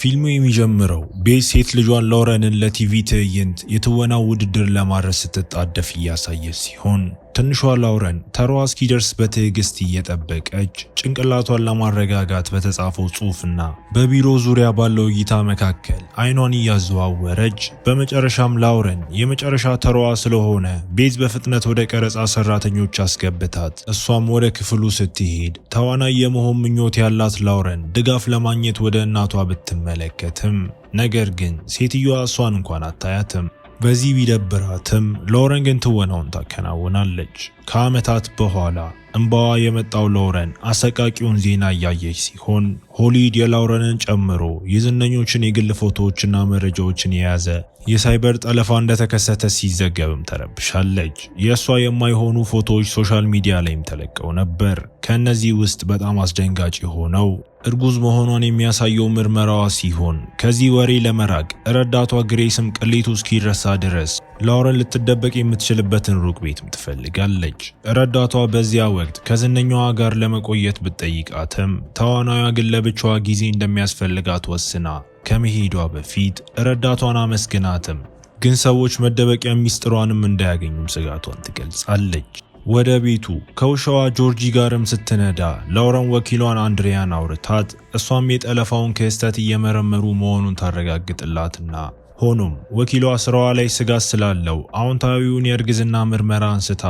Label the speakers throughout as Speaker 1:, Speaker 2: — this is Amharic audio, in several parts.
Speaker 1: ፊልሙ የሚጀምረው ቤት ሴት ልጇን ሎረንን ለቲቪ ትዕይንት የትወና ውድድር ለማድረስ ስትጣደፍ እያሳየ ሲሆን ትንሿ ላውረን ተሯ እስኪደርስ በትዕግስት እየጠበቀች ጭንቅላቷን ለማረጋጋት በተጻፈው ጽሑፍና በቢሮ ዙሪያ ባለው እይታ መካከል አይኗን እያዘዋወረች በመጨረሻም ላውረን የመጨረሻ ተሯ ስለሆነ ቤት በፍጥነት ወደ ቀረጻ ሰራተኞች አስገብታት እሷም ወደ ክፍሉ ስትሄድ ተዋናይ የመሆን ምኞት ያላት ላውረን ድጋፍ ለማግኘት ወደ እናቷ ብትመለከትም ነገር ግን ሴትዮዋ እሷን እንኳን አታያትም። በዚህ ቢደብራትም ሎረን ግን ትወናውን ታከናውናለች። ከዓመታት በኋላ እንባዋ የመጣው ሎረን አሰቃቂውን ዜና እያየች ሲሆን ሆሊድ የላውረንን ጨምሮ የዝነኞችን የግል ፎቶዎችና መረጃዎችን የያዘ የሳይበር ጠለፋ እንደተከሰተ ሲዘገብም ተረብሻለች። የእሷ የማይሆኑ ፎቶዎች ሶሻል ሚዲያ ላይም ተለቀው ነበር። ከእነዚህ ውስጥ በጣም አስደንጋጭ የሆነው እርጉዝ መሆኗን የሚያሳየው ምርመራዋ ሲሆን ከዚህ ወሬ ለመራቅ ረዳቷ ግሬስም ቅሌቱ እስኪረሳ ድረስ ላውረን ልትደበቅ የምትችልበትን ሩቅ ቤትም ትፈልጋለች። ረዳቷ በዚያ ወቅት ከዝነኛዋ ጋር ለመቆየት ብትጠይቃትም ተዋናዋ ግን ለብቻዋ ጊዜ እንደሚያስፈልጋት ወስና ከመሄዷ በፊት ረዳቷን አመስግናትም ግን ሰዎች መደበቂያ ሚስጥሯንም እንዳያገኙም ስጋቷን ትገልጻለች። ወደ ቤቱ ከውሻዋ ጆርጂ ጋርም ስትነዳ ላውረን ወኪሏን አንድሪያን አውርታት እሷም የጠለፋውን ክስተት እየመረመሩ መሆኑን ታረጋግጥላትና ሆኖም ወኪሏ ስራዋ ላይ ስጋት ስላለው አዎንታዊውን የእርግዝና ምርመራ አንስታ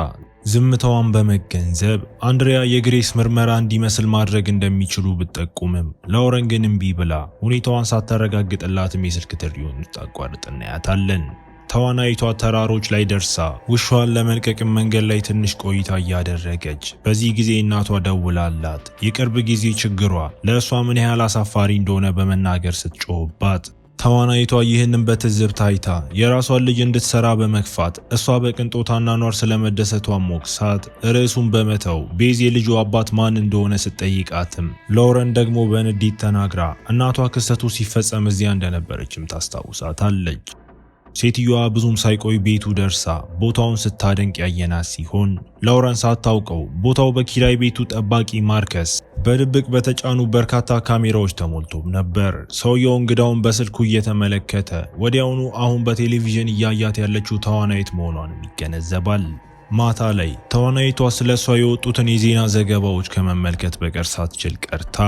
Speaker 1: ዝምታዋን በመገንዘብ አንድሪያ የግሬስ ምርመራ እንዲመስል ማድረግ እንደሚችሉ ብትጠቁምም ለውረን ግን እምቢ ብላ ሁኔታዋን ሳታረጋግጥላትም የስልክ ጥሪውን ታቋርጥ እናያታለን። ተዋናይቷ ተራሮች ላይ ደርሳ ውሻዋን ለመልቀቅም መንገድ ላይ ትንሽ ቆይታ እያደረገች በዚህ ጊዜ እናቷ ደውላላት የቅርብ ጊዜ ችግሯ ለእሷ ምን ያህል አሳፋሪ እንደሆነ በመናገር ስትጮህባት ተዋናይቷ ይህንን በትዝብት አይታ የራሷን ልጅ እንድትሰራ በመግፋት እሷ በቅንጦታና ኗር ስለመደሰቷ ሞቅሳት ርዕሱን በመተው ቤዝ የልጁ አባት ማን እንደሆነ ስትጠይቃትም ሎረን ደግሞ በንዴት ተናግራ እናቷ ክስተቱ ሲፈጸም እዚያ እንደነበረችም ታስታውሳታለች። ሴትዮዋ ብዙም ሳይቆይ ቤቱ ደርሳ ቦታውን ስታደንቅ ያየናት ሲሆን ላውረንስ አታውቀው። ቦታው በኪራይ ቤቱ ጠባቂ ማርከስ በድብቅ በተጫኑ በርካታ ካሜራዎች ተሞልቶም ነበር። ሰውየው እንግዳውን በስልኩ እየተመለከተ ወዲያውኑ አሁን በቴሌቪዥን እያያት ያለችው ተዋናይት መሆኗንም ይገነዘባል። ማታ ላይ ተዋናይቷ ስለ እሷ የወጡትን የዜና ዘገባዎች ከመመልከት በቀር ሳትችል ቀርታ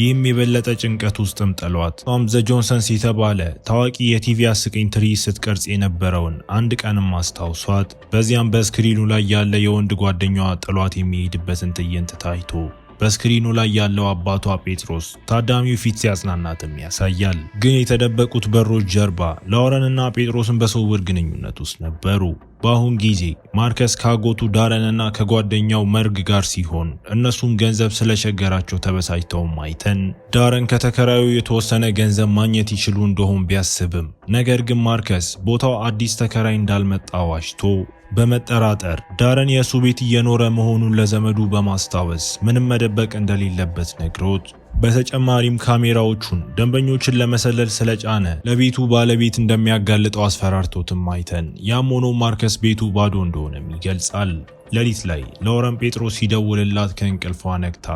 Speaker 1: ይህም የበለጠ ጭንቀት ውስጥም ጥሏት ቶም ዘ ጆንሰንስ የተባለ ታዋቂ የቲቪ አስቂኝ ትርኢት ስትቀርጽ የነበረውን አንድ ቀንም አስታውሷት በዚያም በስክሪኑ ላይ ያለ የወንድ ጓደኛዋ ጥሏት የሚሄድበትን ትዕይንት ታይቶ በስክሪኑ ላይ ያለው አባቷ ጴጥሮስ ታዳሚው ፊት ሲያጽናናትም ያሳያል። ግን የተደበቁት በሮች ጀርባ ላውረንና ጴጥሮስን በስውር ግንኙነት ውስጥ ነበሩ። በአሁን ጊዜ ማርከስ ካጎቱ ዳረንና ከጓደኛው መርግ ጋር ሲሆን እነሱም ገንዘብ ስለቸገራቸው ተበሳጭተውም አይተን ዳረን ከተከራዩ የተወሰነ ገንዘብ ማግኘት ይችሉ እንደሆን ቢያስብም ነገር ግን ማርከስ ቦታው አዲስ ተከራይ እንዳልመጣ ዋሽቶ በመጠራጠር ዳረን የእሱ ቤት እየኖረ መሆኑን ለዘመዱ በማስታወስ ምንም መደበቅ እንደሌለበት ነግሮት በተጨማሪም ካሜራዎቹን ደንበኞችን ለመሰለል ስለጫነ ለቤቱ ባለቤት እንደሚያጋልጠው አስፈራርቶትም አይተን ያም ሆኖ ማርከስ ቤቱ ባዶ እንደሆነም ይገልጻል። ሌሊት ላይ ለወረን ጴጥሮስ ሲደውልላት ከእንቅልፏ ነቅታ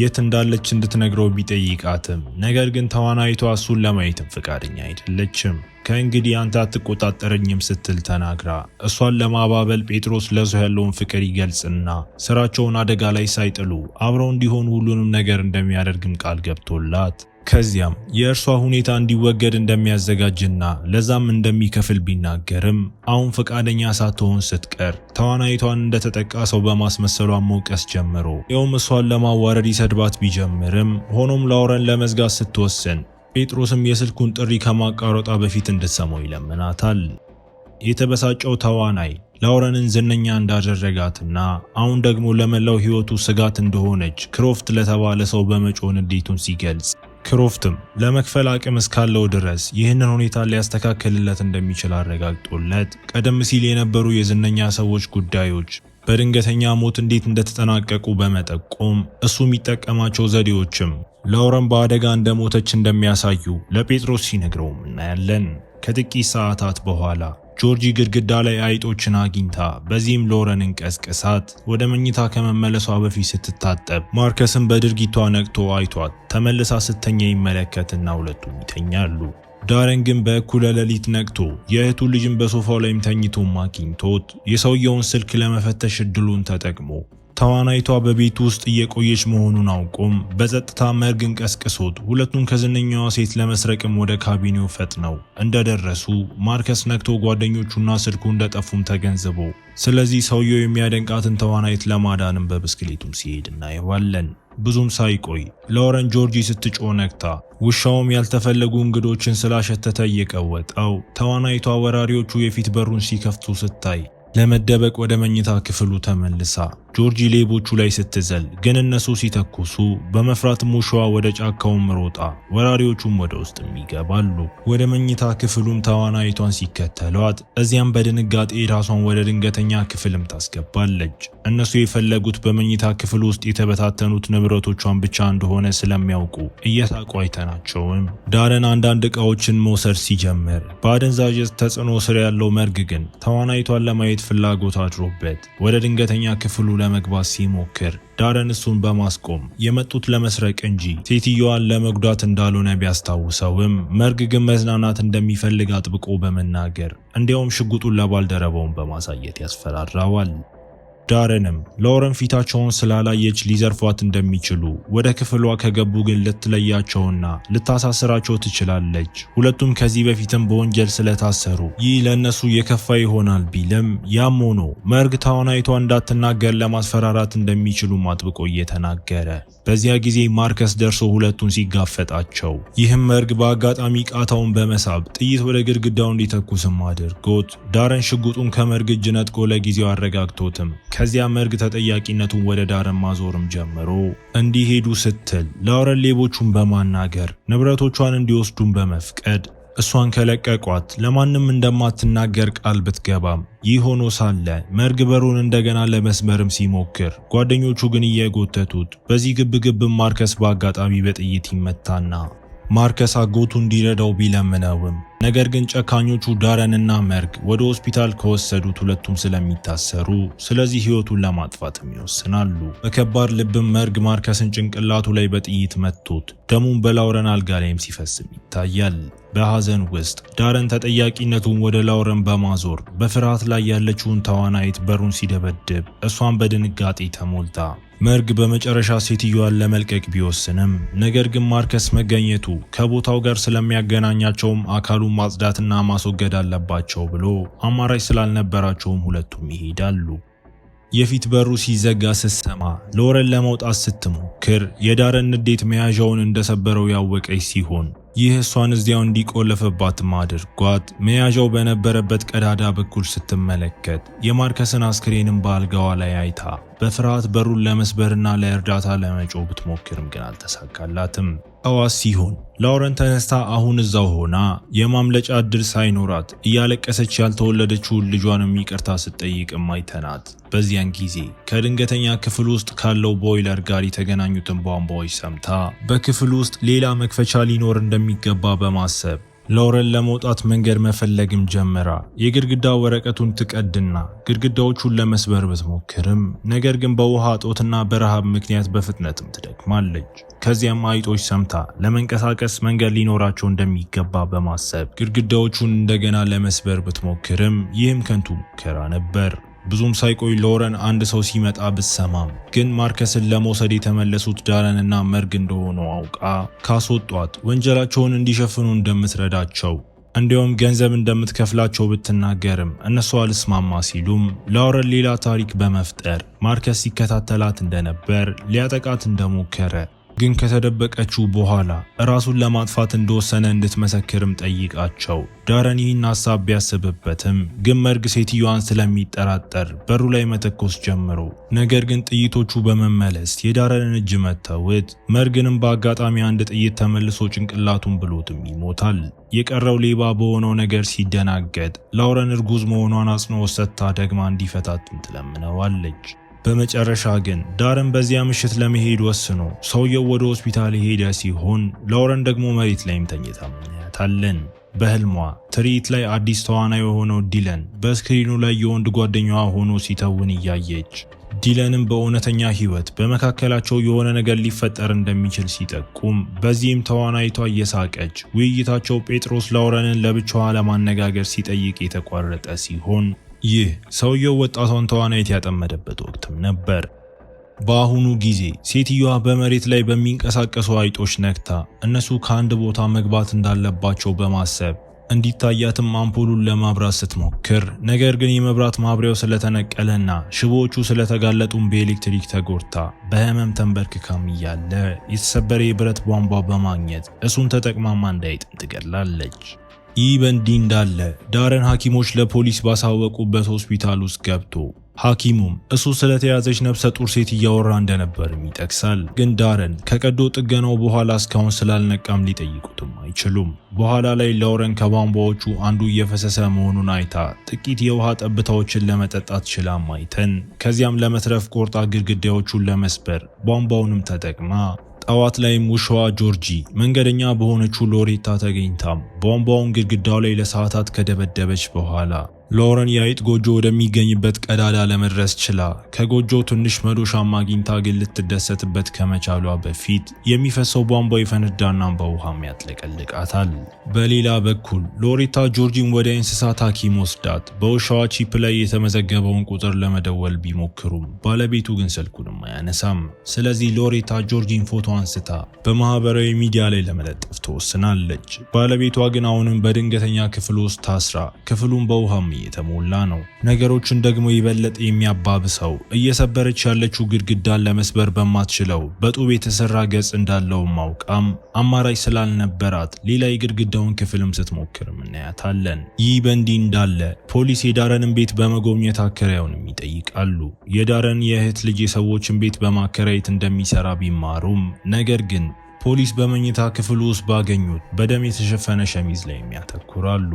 Speaker 1: የት እንዳለች እንድትነግረው ቢጠይቃትም ነገር ግን ተዋናይቷ እሱን ለማየትም ፍቃደኛ አይደለችም። ከእንግዲህ አንተ አትቆጣጠረኝም ስትል ተናግራ እሷን ለማባበል ጴጥሮስ ለሰው ያለውን ፍቅር ይገልጽና ስራቸውን አደጋ ላይ ሳይጥሉ አብረው እንዲሆኑ ሁሉንም ነገር እንደሚያደርግም ቃል ገብቶላት ከዚያም የእርሷ ሁኔታ እንዲወገድ እንደሚያዘጋጅና ለዛም እንደሚከፍል ቢናገርም አሁን ፈቃደኛ ሳትሆን ስትቀር ተዋናይቷን እንደተጠቃ ሰው በማስመሰሏን መውቀስ ጀምሮ ይኸውም እሷን ለማዋረድ ይሰድባት ቢጀምርም ሆኖም ላውረን ለመዝጋት ስትወስን ጴጥሮስም የስልኩን ጥሪ ከማቃረጧ በፊት እንድትሰማው ይለምናታል። የተበሳጨው ተዋናይ ላውረንን ዝነኛ እንዳደረጋትና አሁን ደግሞ ለመላው ሕይወቱ ስጋት እንደሆነች ክሮፍት ለተባለ ሰው በመጮን ንዴቱን ሲገልጽ ክሮፍትም ለመክፈል አቅም እስካለው ድረስ ይህንን ሁኔታ ሊያስተካክልለት እንደሚችል አረጋግጦለት ቀደም ሲል የነበሩ የዝነኛ ሰዎች ጉዳዮች በድንገተኛ ሞት እንዴት እንደተጠናቀቁ በመጠቆም እሱ የሚጠቀማቸው ዘዴዎችም ላውረን በአደጋ እንደሞተች እንደሚያሳዩ ለጴጥሮስ ሲነግረውም እናያለን። ከጥቂት ሰዓታት በኋላ ጆርጂ ግድግዳ ላይ አይጦችን አግኝታ በዚህም ሎረንን ቀስቅሳት ወደ መኝታ ከመመለሷ በፊት ስትታጠብ ማርከስን በድርጊቷ ነቅቶ አይቷት ተመልሳ ስተኛ ይመለከትና ሁለቱም ይተኛሉ። ዳረን ግን በእኩለ ሌሊት ነቅቶ የእህቱ ልጅን በሶፋው ላይም ተኝቶም አግኝቶት የሰውየውን ስልክ ለመፈተሽ እድሉን ተጠቅሞ ተዋናይቷ በቤት ውስጥ እየቆየች መሆኑን አውቆም በጸጥታ መርግን ቀስቅሶት ሁለቱን ከዝነኛዋ ሴት ለመስረቅም ወደ ካቢኔው ፈጥነው እንደደረሱ ማርከስ ነክቶ ጓደኞቹና ስልኩ እንደጠፉም ተገንዝቦ ስለዚህ ሰውየው የሚያደንቃትን ተዋናይት ለማዳንም በብስክሌቱም ሲሄድ እናየዋለን። ብዙም ሳይቆይ ለወረን ጆርጂ ስትጮ ነግታ ውሻውም ያልተፈለጉ እንግዶችን ስላሸተተ እየቀወጠው ተዋናይቷ ወራሪዎቹ የፊት በሩን ሲከፍቱ ስታይ ለመደበቅ ወደ መኝታ ክፍሉ ተመልሳ ጆርጂ ሌቦቹ ላይ ስትዘል ግን እነሱ ሲተኩሱ በመፍራት ሙሽዋ ወደ ጫካውም ሮጣ ወራሪዎቹም ወደ ውስጥም ይገባሉ። ወደ መኝታ ክፍሉም ተዋናይቷን ሲከተሏት እዚያም በድንጋጤ ራሷን ወደ ድንገተኛ ክፍልም ታስገባለች። እነሱ የፈለጉት በመኝታ ክፍል ውስጥ የተበታተኑት ንብረቶቿን ብቻ እንደሆነ ስለሚያውቁ እየሳቁ አይተናቸውም። ዳረን አንዳንድ እቃዎችን መውሰድ ሲጀምር በአደንዛዥ ተጽዕኖ ስር ያለው መርግ ግን ተዋናይቷን ለማየት ፍላጎት አድሮበት ወደ ድንገተኛ ክፍሉ ለመግባት ሲሞክር ዳረን እሱን በማስቆም የመጡት ለመስረቅ እንጂ ሴትዮዋን ለመጉዳት እንዳልሆነ ቢያስታውሰውም መርግ ግን መዝናናት እንደሚፈልግ አጥብቆ በመናገር እንዲያውም ሽጉጡን ለባልደረባውን በማሳየት ያስፈራራዋል። ዳረንም ሎረን ፊታቸውን ስላላየች ሊዘርፏት እንደሚችሉ ወደ ክፍሏ ከገቡ ግን ልትለያቸውና ልታሳስራቸው ትችላለች። ሁለቱም ከዚህ በፊትም በወንጀል ስለታሰሩ ይህ ለእነሱ የከፋ ይሆናል ቢልም ያም ሆኖ መርግ ታውናይቷ እንዳትናገር ለማስፈራራት እንደሚችሉ አጥብቆ እየተናገረ በዚያ ጊዜ ማርከስ ደርሶ ሁለቱን ሲጋፈጣቸው፣ ይህም መርግ በአጋጣሚ ቃታውን በመሳብ ጥይት ወደ ግድግዳው እንዲተኩስም አድርጎት ዳረን ሽጉጡን ከመርግ እጅ ነጥቆ ለጊዜው አረጋግቶትም ከዚያም መርግ ተጠያቂነቱን ወደ ዳረን ማዞርም ጀምሮ እንዲሄዱ ስትል ላውረን ሌቦቹን በማናገር ንብረቶቿን እንዲወስዱን በመፍቀድ እሷን ከለቀቋት ለማንም እንደማትናገር ቃል ብትገባም ይህ ሆኖ ሳለ መርግ በሩን እንደገና ለመስበርም ሲሞክር ጓደኞቹ ግን እየጎተቱት፣ በዚህ ግብግብ ማርከስ በአጋጣሚ በጥይት ይመታና ማርከስ አጎቱ እንዲረዳው ቢለምነውም ነገር ግን ጨካኞቹ ዳረንና መርግ ወደ ሆስፒታል ከወሰዱት ሁለቱም ስለሚታሰሩ ስለዚህ ህይወቱን ለማጥፋትም ይወስናሉ። በከባድ ልብም መርግ ማርከስን ጭንቅላቱ ላይ በጥይት መቶት ደሙን በላውረን አልጋ ላይም ሲፈስም ይታያል። በሐዘን ውስጥ ዳረን ተጠያቂነቱን ወደ ላውረን በማዞር በፍርሃት ላይ ያለችውን ተዋናይት በሩን ሲደበድብ እሷን በድንጋጤ ተሞልታ መርግ በመጨረሻ ሴትዮዋን ለመልቀቅ ቢወስንም ነገር ግን ማርከስ መገኘቱ ከቦታው ጋር ስለሚያገናኛቸውም አካሉ ሁለቱም ማጽዳትና ማስወገድ አለባቸው ብሎ አማራጭ ስላልነበራቸውም ሁለቱም ይሄዳሉ። የፊት በሩ ሲዘጋ ስትሰማ ሎረን ለመውጣት ስትሞክር የዳረን ንዴት መያዣውን እንደሰበረው ያወቀች ሲሆን ይህ እሷን እዚያው እንዲቆለፍባትም አድርጓት መያዣው በነበረበት ቀዳዳ በኩል ስትመለከት የማርከስን አስክሬንም በአልጋዋ ላይ አይታ በፍርሃት በሩን ለመስበርና ለእርዳታ ለመጮ ብትሞክርም ግን አልተሳካላትም። ጠዋት ሲሆን ላውረን ተነስታ አሁን እዛው ሆና የማምለጫ እድል ሳይኖራት እያለቀሰች ያልተወለደችውን ልጇንም ይቅርታ ስትጠይቅ ማይተናት። በዚያን ጊዜ ከድንገተኛ ክፍል ውስጥ ካለው ቦይለር ጋር የተገናኙትን ቧንቧዎች ሰምታ በክፍል ውስጥ ሌላ መክፈቻ ሊኖር እንደሚገባ በማሰብ ሎረን ለመውጣት መንገድ መፈለግም ጀመራ። የግድግዳ ወረቀቱን ትቀድና ግድግዳዎቹን ለመስበር ብትሞክርም ነገር ግን በውሃ እጦትና በረሃብ ምክንያት በፍጥነትም ትደክማለች። ከዚያም አይጦች ሰምታ ለመንቀሳቀስ መንገድ ሊኖራቸው እንደሚገባ በማሰብ ግድግዳዎቹን እንደገና ለመስበር ብትሞክርም ይህም ከንቱ ሙከራ ነበር። ብዙም ሳይቆይ ሎረን አንድ ሰው ሲመጣ ብትሰማም ግን ማርከስን ለመውሰድ የተመለሱት ዳረንና መርግ እንደሆኑ አውቃ ካስወጧት ወንጀላቸውን እንዲሸፍኑ እንደምትረዳቸው እንዲሁም ገንዘብ እንደምትከፍላቸው ብትናገርም እነሱ አልስማማ ሲሉም ላውረን ሌላ ታሪክ በመፍጠር ማርከስ ሲከታተላት እንደነበር ሊያጠቃት እንደሞከረ ግን ከተደበቀችው በኋላ ራሱን ለማጥፋት እንደወሰነ እንድትመሰክርም ጠይቃቸው። ዳረን ይህን ሀሳብ ቢያስብበትም ግን መርግ ሴትዮዋን ስለሚጠራጠር በሩ ላይ መተኮስ ጀምሮ፣ ነገር ግን ጥይቶቹ በመመለስ የዳረንን እጅ መተውት፣ መርግንም በአጋጣሚ አንድ ጥይት ተመልሶ ጭንቅላቱን ብሎትም ይሞታል። የቀረው ሌባ በሆነው ነገር ሲደናገጥ ላውረን እርጉዝ መሆኗን አጽንኦት ሰጥታ ደግማ እንዲፈታትም ትለምነዋለች። በመጨረሻ ግን ዳርን በዚያ ምሽት ለመሄድ ወስኖ ሰውየው ወደ ሆስፒታል የሄደ ሲሆን ላውረን ደግሞ መሬት ላይም ተኝታ እናያታለን። በህልሟ ትርኢት ላይ አዲስ ተዋናይ የሆነው ዲለን በስክሪኑ ላይ የወንድ ጓደኛዋ ሆኖ ሲተውን እያየች ዲለንም በእውነተኛ ህይወት በመካከላቸው የሆነ ነገር ሊፈጠር እንደሚችል ሲጠቁም፣ በዚህም ተዋናይቷ እየሳቀች ውይይታቸው ጴጥሮስ ላውረንን ለብቻዋ ለማነጋገር ሲጠይቅ የተቋረጠ ሲሆን ይህ ሰውየው ወጣቷን ተዋናይት ያጠመደበት ወቅትም ነበር። በአሁኑ ጊዜ ሴትዮዋ በመሬት ላይ በሚንቀሳቀሱ አይጦች ነክታ እነሱ ከአንድ ቦታ መግባት እንዳለባቸው በማሰብ እንዲታያትም አምፖሉን ለማብራት ስትሞክር፣ ነገር ግን የመብራት ማብሪያው ስለተነቀለና ሽቦዎቹ ስለተጋለጡም በኤሌክትሪክ ተጎድታ በህመም ተንበርክካም እያለ የተሰበረ የብረት ቧንቧ በማግኘት እሱን ተጠቅማማ እንዳይጥም ትገድላለች። ይህ በእንዲህ እንዳለ ዳረን ሐኪሞች ለፖሊስ ባሳወቁበት ሆስፒታል ውስጥ ገብቶ ሐኪሙም እሱ ስለተያዘች ነፍሰ ጡር ሴት እያወራ እንደነበርም ይጠቅሳል። ግን ዳረን ከቀዶ ጥገናው በኋላ እስካሁን ስላልነቃም ሊጠይቁትም አይችሉም። በኋላ ላይ ላውረን ከቧንቧዎቹ አንዱ እየፈሰሰ መሆኑን አይታ ጥቂት የውሃ ጠብታዎችን ለመጠጣት ችላም አይተን ከዚያም ለመትረፍ ቆርጣ ግድግዳዎቹን ለመስበር ቧንቧውንም ተጠቅማ ጠዋት ላይም ውሻዋ ጆርጂ መንገደኛ በሆነችው ሎሬታ ተገኝታም ቧንቧውን ግድግዳው ላይ ለሰዓታት ከደበደበች በኋላ ሎረን የአይጥ ጎጆ ወደሚገኝበት ቀዳዳ ለመድረስ ችላ ከጎጆ ትንሽ መዶሻም አግኝታ ግን ልትደሰትበት ከመቻሏ በፊት የሚፈሰው ቧንቧ ይፈነዳና በውሃም ያጥለቀልቃታል። በሌላ በኩል ሎሪታ ጆርጂን ወደ እንስሳት ሐኪም ወስዳት በውሻዋ ቺፕ ላይ የተመዘገበውን ቁጥር ለመደወል ቢሞክሩም ባለቤቱ ግን ስልኩንም አያነሳም። ስለዚህ ሎሪታ ጆርጂን ፎቶ አንስታ በማህበራዊ ሚዲያ ላይ ለመለጠፍ ትወስናለች። ባለቤቷ ግን አሁንም በድንገተኛ ክፍል ውስጥ ታስራ ክፍሉን በውሃም የተሞላ ነው። ነገሮችን ደግሞ ይበለጥ የሚያባብሰው እየሰበረች ያለችው ግድግዳን ለመስበር በማትችለው በጡብ የተሰራ ገጽ እንዳለው ማውቃም አማራጭ ስላልነበራት ሌላ የግድግዳውን ክፍልም ስትሞክርም እናያታለን። ይህ በእንዲህ እንዳለ ፖሊስ የዳረንን ቤት በመጎብኘት አከራዩንም ይጠይቃሉ። የዳረን የእህት ልጅ የሰዎችን ቤት በማከራየት እንደሚሰራ ቢማሩም ነገር ግን ፖሊስ በመኝታ ክፍሉ ውስጥ ባገኙት በደም የተሸፈነ ሸሚዝ ላይ የሚያተኩራሉ።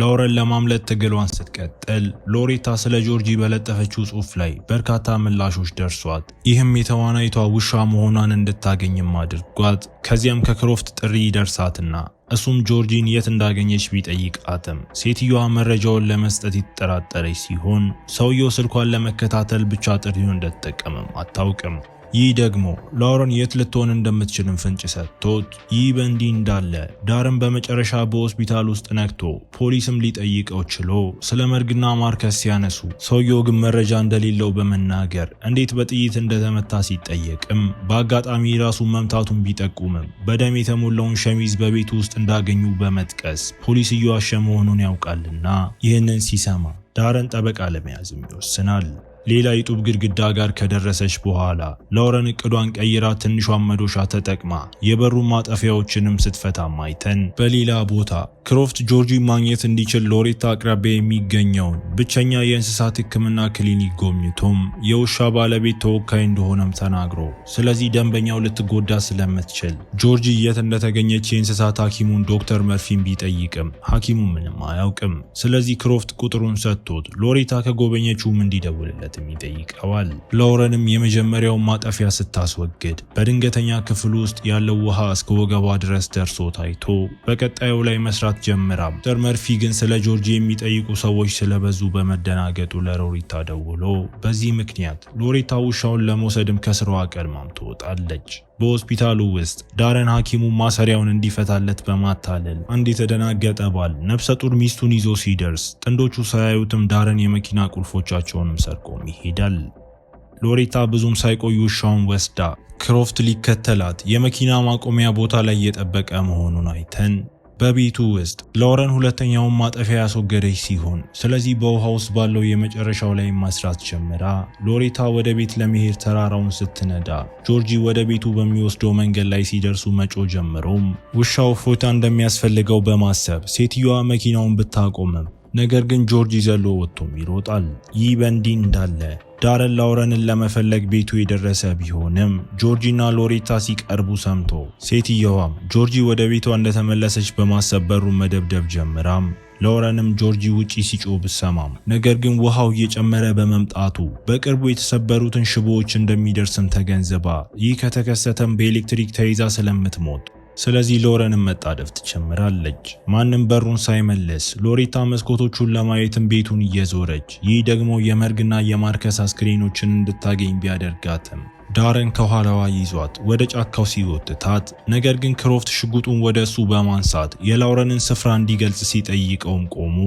Speaker 1: ላውረን ለማምለጥ ትግሏን ስትቀጥል ሎሬታ ስለ ጆርጂ በለጠፈችው ጽሑፍ ላይ በርካታ ምላሾች ደርሷት ይህም የተዋናይቷ ውሻ መሆኗን እንድታገኝም አድርጓት ከዚያም ከክሮፍት ጥሪ ይደርሳትና እሱም ጆርጂን የት እንዳገኘች ቢጠይቃትም ሴትዮዋ መረጃውን ለመስጠት የተጠራጠረች ሲሆን ሰውየው ስልኳን ለመከታተል ብቻ ጥሪውን እንደተጠቀመም አታውቅም። ይህ ደግሞ ላውረን የት ልትሆን እንደምትችልም ፍንጭ ሰጥቶት፣ ይህ በእንዲህ እንዳለ ዳርን በመጨረሻ በሆስፒታል ውስጥ ነክቶ ፖሊስም ሊጠይቀው ችሎ ስለ መርግና ማርከስ ሲያነሱ፣ ሰውየው ግን መረጃ እንደሌለው በመናገር እንዴት በጥይት እንደተመታ ሲጠየቅም በአጋጣሚ ራሱን መምታቱን ቢጠቁምም በደም የተሞላውን ሸሚዝ በቤቱ ውስጥ እንዳገኙ በመጥቀስ ፖሊስ እየዋሸ መሆኑን ያውቃልና ይህንን ሲሰማ ዳረን ጠበቃ ለመያዝም ይወስናል። ሌላ የጡብ ግድግዳ ጋር ከደረሰች በኋላ ላውረን እቅዷን ቀይራ ትንሿን መዶሻ ተጠቅማ የበሩን ማጠፊያዎችንም ስትፈታ ማይተን በሌላ ቦታ ክሮፍት ጆርጂ ማግኘት እንዲችል ሎሬታ አቅራቢያ የሚገኘውን ብቸኛ የእንስሳት ሕክምና ክሊኒክ ጎብኝቶም የውሻ ባለቤት ተወካይ እንደሆነም ተናግሮ ስለዚህ ደንበኛው ልትጎዳ ስለምትችል ጆርጂ የት እንደተገኘች የእንስሳት ሐኪሙን ዶክተር መርፊን ቢጠይቅም ሐኪሙ ምንም አያውቅም። ስለዚህ ክሮፍት ቁጥሩን ሰጥቶት ሎሬታ ከጎበኘችውም እንዲደውልለት ክትትልም ይጠይቀዋል። ሎረንም የመጀመሪያው ማጠፊያ ስታስወግድ በድንገተኛ ክፍል ውስጥ ያለው ውሃ እስከ ወገቧ ድረስ ደርሶ ታይቶ በቀጣዩ ላይ መስራት ጀምራም። ዶክተር መርፊ ግን ስለ ጆርጂ የሚጠይቁ ሰዎች ስለበዙ በመደናገጡ ለሎሬታ ደውሎ በዚህ ምክንያት ሎሬታ ውሻውን ለመውሰድም ከስራዋ ቀድማም ትወጣለች። በሆስፒታሉ ውስጥ ዳረን ሐኪሙ ማሰሪያውን እንዲፈታለት በማታለል አንድ የተደናገጠ ባል ነፍሰ ጡር ሚስቱን ይዞ ሲደርስ ጥንዶቹ ሳያዩትም ዳረን የመኪና ቁልፎቻቸውንም ሰርቆም ይሄዳል። ሎሬታ ብዙም ሳይቆይ ውሻውን ወስዳ ክሮፍት ሊከተላት የመኪና ማቆሚያ ቦታ ላይ እየጠበቀ መሆኑን አይተን በቤቱ ውስጥ ሎረን ሁለተኛውን ማጠፊያ ያስወገደች ሲሆን ስለዚህ በውሃ ውስጥ ባለው የመጨረሻው ላይ ማስራት ጀምራ ሎሬታ ወደ ቤት ለመሄድ ተራራውን ስትነዳ ጆርጂ ወደ ቤቱ በሚወስደው መንገድ ላይ ሲደርሱ መጮ ጀምሮም ውሻው እፎይታ እንደሚያስፈልገው በማሰብ ሴትዮዋ መኪናውን ብታቆምም ነገር ግን ጆርጂ ዘሎ ወጥቶም ይሮጣል። ይህ በእንዲህ እንዳለ ዳረን ላውረንን ለመፈለግ ቤቱ የደረሰ ቢሆንም ጆርጂና ሎሬታ ሲቀርቡ ሰምቶ ሴትየዋም ጆርጂ ወደ ቤቷ እንደተመለሰች በማሰብ በሩን መደብደብ ጀምራም ላውረንም ጆርጂ ውጪ ሲጮህ ብሰማም ነገር ግን ውሃው እየጨመረ በመምጣቱ በቅርቡ የተሰበሩትን ሽቦዎች እንደሚደርስም ተገንዝባ ይህ ከተከሰተም በኤሌክትሪክ ተይዛ ስለምትሞት ስለዚህ ሎረንም መጣደፍ ትጀምራለች። ማንም በሩን ሳይመልስ ሎሪታ መስኮቶቹን ለማየትም ቤቱን እየዞረች ይህ ደግሞ የመርግና የማርከስ አስክሬኖችን እንድታገኝ ቢያደርጋትም ዳረን ከኋላዋ ይዟት ወደ ጫካው ሲወትታት፣ ነገር ግን ክሮፍት ሽጉጡን ወደ እሱ በማንሳት የላውረንን ስፍራ እንዲገልጽ ሲጠይቀውም ቆሞ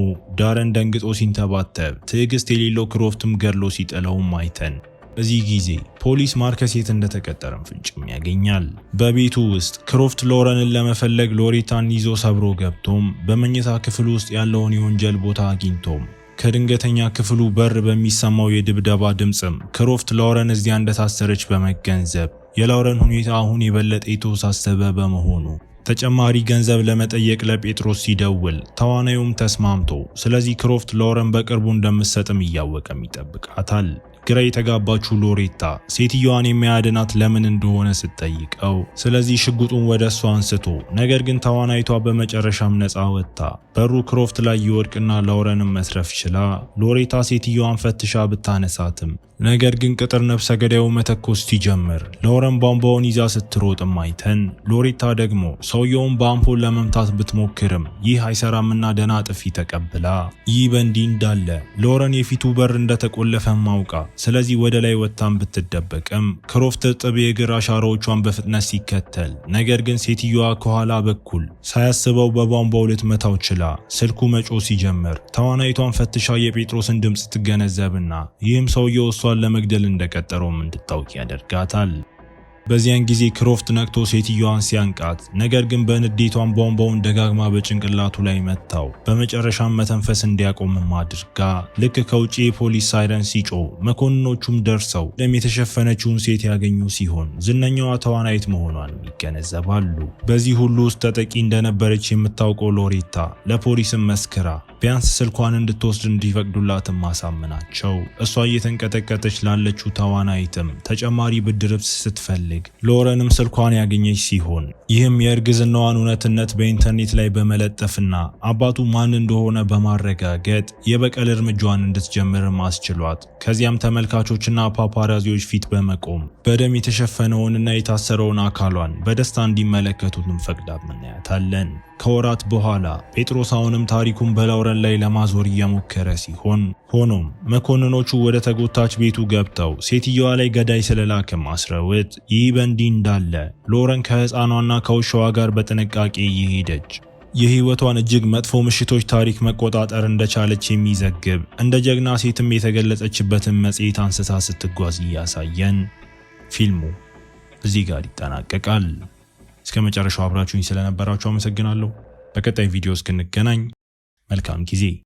Speaker 1: ዳረን ደንግጦ ሲንተባተብ፣ ትዕግስት የሌለው ክሮፍትም ገድሎ ሲጥለውም አይተን በዚህ ጊዜ ፖሊስ ማርከስ የት እንደተቀጠረም ፍንጭም ያገኛል። በቤቱ ውስጥ ክሮፍት ሎረንን ለመፈለግ ሎሬታን ይዞ ሰብሮ ገብቶም በመኝታ ክፍል ውስጥ ያለውን የወንጀል ቦታ አግኝቶም ከድንገተኛ ክፍሉ በር በሚሰማው የድብደባ ድምፅም ክሮፍት ሎረን እዚያ እንደታሰረች በመገንዘብ የሎረን ሁኔታ አሁን የበለጠ የተወሳሰበ በመሆኑ ተጨማሪ ገንዘብ ለመጠየቅ ለጴጥሮስ ሲደውል ተዋናዩም ተስማምቶ፣ ስለዚህ ክሮፍት ሎረን በቅርቡ እንደምትሰጥም እያወቀም ይጠብቃታል። ግራ የተጋባችው ሎሬታ ሴትዮዋን የሚያድናት ለምን እንደሆነ ስትጠይቀው፣ ስለዚህ ሽጉጡን ወደ እሷ አንስቶ ነገር ግን ተዋናይቷ በመጨረሻም ነፃ ወጥታ በሩ ክሮፍት ላይ ይወድቅና ላውረንም መትረፍ ችላ ሎሬታ ሴትዮዋን ፈትሻ ብታነሳትም ነገር ግን ቅጥር ነፍሰ ገዳዩ መተኮስ ሲጀምር ሎረን ቧንቧውን ይዛ ስትሮጥ አይተን፣ ሎሬታ ደግሞ ሰውየውን በአምፖል ለመምታት ብትሞክርም ይህ አይሰራምና ደና ጥፊ ተቀብላ። ይህ በእንዲህ እንዳለ ሎረን የፊቱ በር እንደተቆለፈም አውቃ፣ ስለዚህ ወደ ላይ ወጥታን ብትደበቅም ክሮፍት እርጥብ የእግር አሻራዎቿን በፍጥነት ሲከተል፣ ነገር ግን ሴትዮዋ ከኋላ በኩል ሳያስበው በቧንቧው ልትመታው ችላ። ስልኩ መጮ ሲጀምር ተዋናይቷን ፈትሻ የጴጥሮስን ድምፅ ትገነዘብና ይህም ሰውየው እሷ እሷን ለመግደል እንደቀጠረውም እንድታውቅ ያደርጋታል። በዚያን ጊዜ ክሮፍት ነቅቶ ሴትዮዋን ሲያንቃት፣ ነገር ግን በንዴቷን ቧንቧውን ደጋግማ በጭንቅላቱ ላይ መታው። በመጨረሻም መተንፈስ እንዲያቆምም አድርጋ ልክ ከውጭ የፖሊስ ሳይረን ሲጮ መኮንኖቹም ደርሰው ደም የተሸፈነችውን ሴት ያገኙ ሲሆን ዝነኛዋ ተዋናይት መሆኗን ይገነዘባሉ። በዚህ ሁሉ ውስጥ ተጠቂ እንደነበረች የምታውቀው ሎሬታ ለፖሊስም መስክራ ቢያንስ ስልኳን እንድትወስድ እንዲፈቅዱላትም ማሳምናቸው። እሷ እየተንቀጠቀጠች ላለችው ተዋናይትም ተጨማሪ ብድርብስ ስትፈልግ ሎረንም ስልኳን ያገኘች ሲሆን ይህም የእርግዝናዋን እውነትነት በኢንተርኔት ላይ በመለጠፍና አባቱ ማን እንደሆነ በማረጋገጥ የበቀል እርምጃዋን እንድትጀምርም አስችሏት። ከዚያም ተመልካቾችና ፓፓራዚዎች ፊት በመቆም በደም የተሸፈነውንና የታሰረውን አካሏን በደስታ እንዲመለከቱትም ፈቅዳ እናያታለን። ከወራት በኋላ ጴጥሮስ አሁንም ታሪኩን በላውረ ሐረር ላይ ለማዞር እየሞከረ ሲሆን ሆኖም መኮንኖቹ ወደ ተጎታች ቤቱ ገብተው ሴትየዋ ላይ ገዳይ ስለላክም አስረውት። ይህ በእንዲህ እንዳለ ሎረን ከህፃኗና ከውሻዋ ጋር በጥንቃቄ እየሄደች የህይወቷን እጅግ መጥፎ ምሽቶች ታሪክ መቆጣጠር እንደቻለች የሚዘግብ እንደ ጀግና ሴትም የተገለጸችበትን መጽሔት አንስታ ስትጓዝ እያሳየን ፊልሙ እዚህ ጋር ይጠናቀቃል። እስከ መጨረሻው አብራችሁኝ ስለነበራችሁ አመሰግናለሁ። በቀጣይ ቪዲዮ እስክንገናኝ መልካም ጊዜ